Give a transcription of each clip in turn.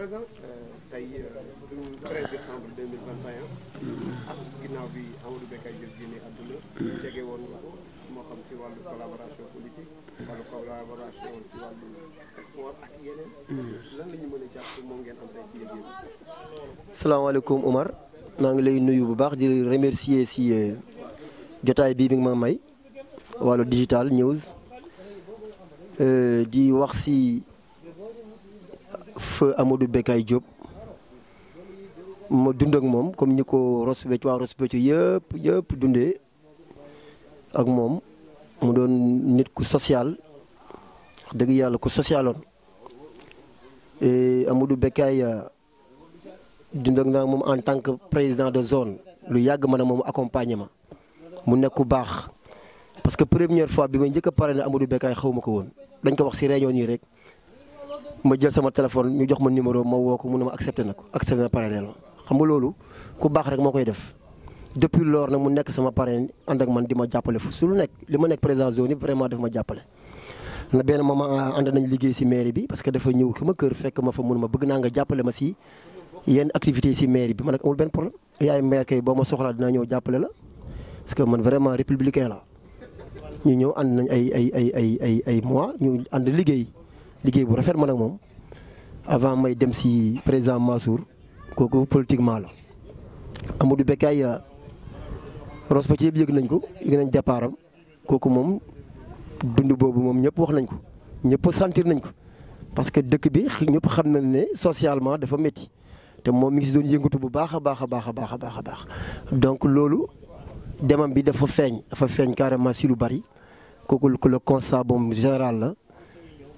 présent euh, euh, décembre Omar Je ngi remercier si euh, jotaay bibing bi digital news di voir si feu Amadou Bekay Diop ma dund ak moom comme ñi ko Ross Béthio waa Ross yëpp yëpp dundee ak moom mu doon nit ku social dëgg yàlla ku socialoon Amadou Bekay euh, dund ak naa moom en tant que président de zone lu yàgg ma ne moom accompagnement mu nekk ku baax parce que première fois bi may njëkk a parrainé Amadou Bekay xaw ma ko woon dañ ko wax si réunion yi rek. ma jël sama téléphone ñu jox ma numéro ma woo ko mu ne ma na ko accepté na parrainage ma xam nga loolu ku baax rek moo koy def depuis loolu nag mu nekk sama parrain ànd ak man di ma jàppale fu su lu nekk li ma nekk président zone yi vraiment daf ma jàppale. na benn moment ah, ànd nañ liggéey si mairie bi parce que dafa ñëw sama kër fekk ma fa mun ma bëgg naa nga si yenn activités si mairie bi ma ne amul benn problème yaay maire kay boo ma soxlaa dinaa ñëw jàppale la parce que man vraiment républicain la ñu ñëw ànd nañ ay ay ay ay ay ay mois ñu ànd liggéey. liggéey bu rafet man ak mom avant may dem ci président Mansour koku politiquement la. Amadou Bekkay euh, Ross ci yeb yeug nañ ko yëg nañ départam koku mom dund bobu mom ñep wax nañ ko ñep sentir nañ ko parce que dëkk bi ñep xam nañ né socialement dafa metti té mom mi ngi ci doon yëngatu bu baax a baax a baax a baax donc lolu demam bi dafa feeñ dafa feeñ carrément ci lu bari koku le constat bon général la.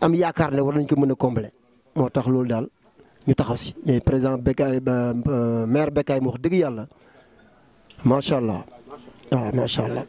am yaakaar ne war nañ ko mën a combler moo tax loolu daal ñu taxaw si mais président Bécaye euh, euh, maire Bécaye mu wax dëgg yàlla macha allah waaw macha allah.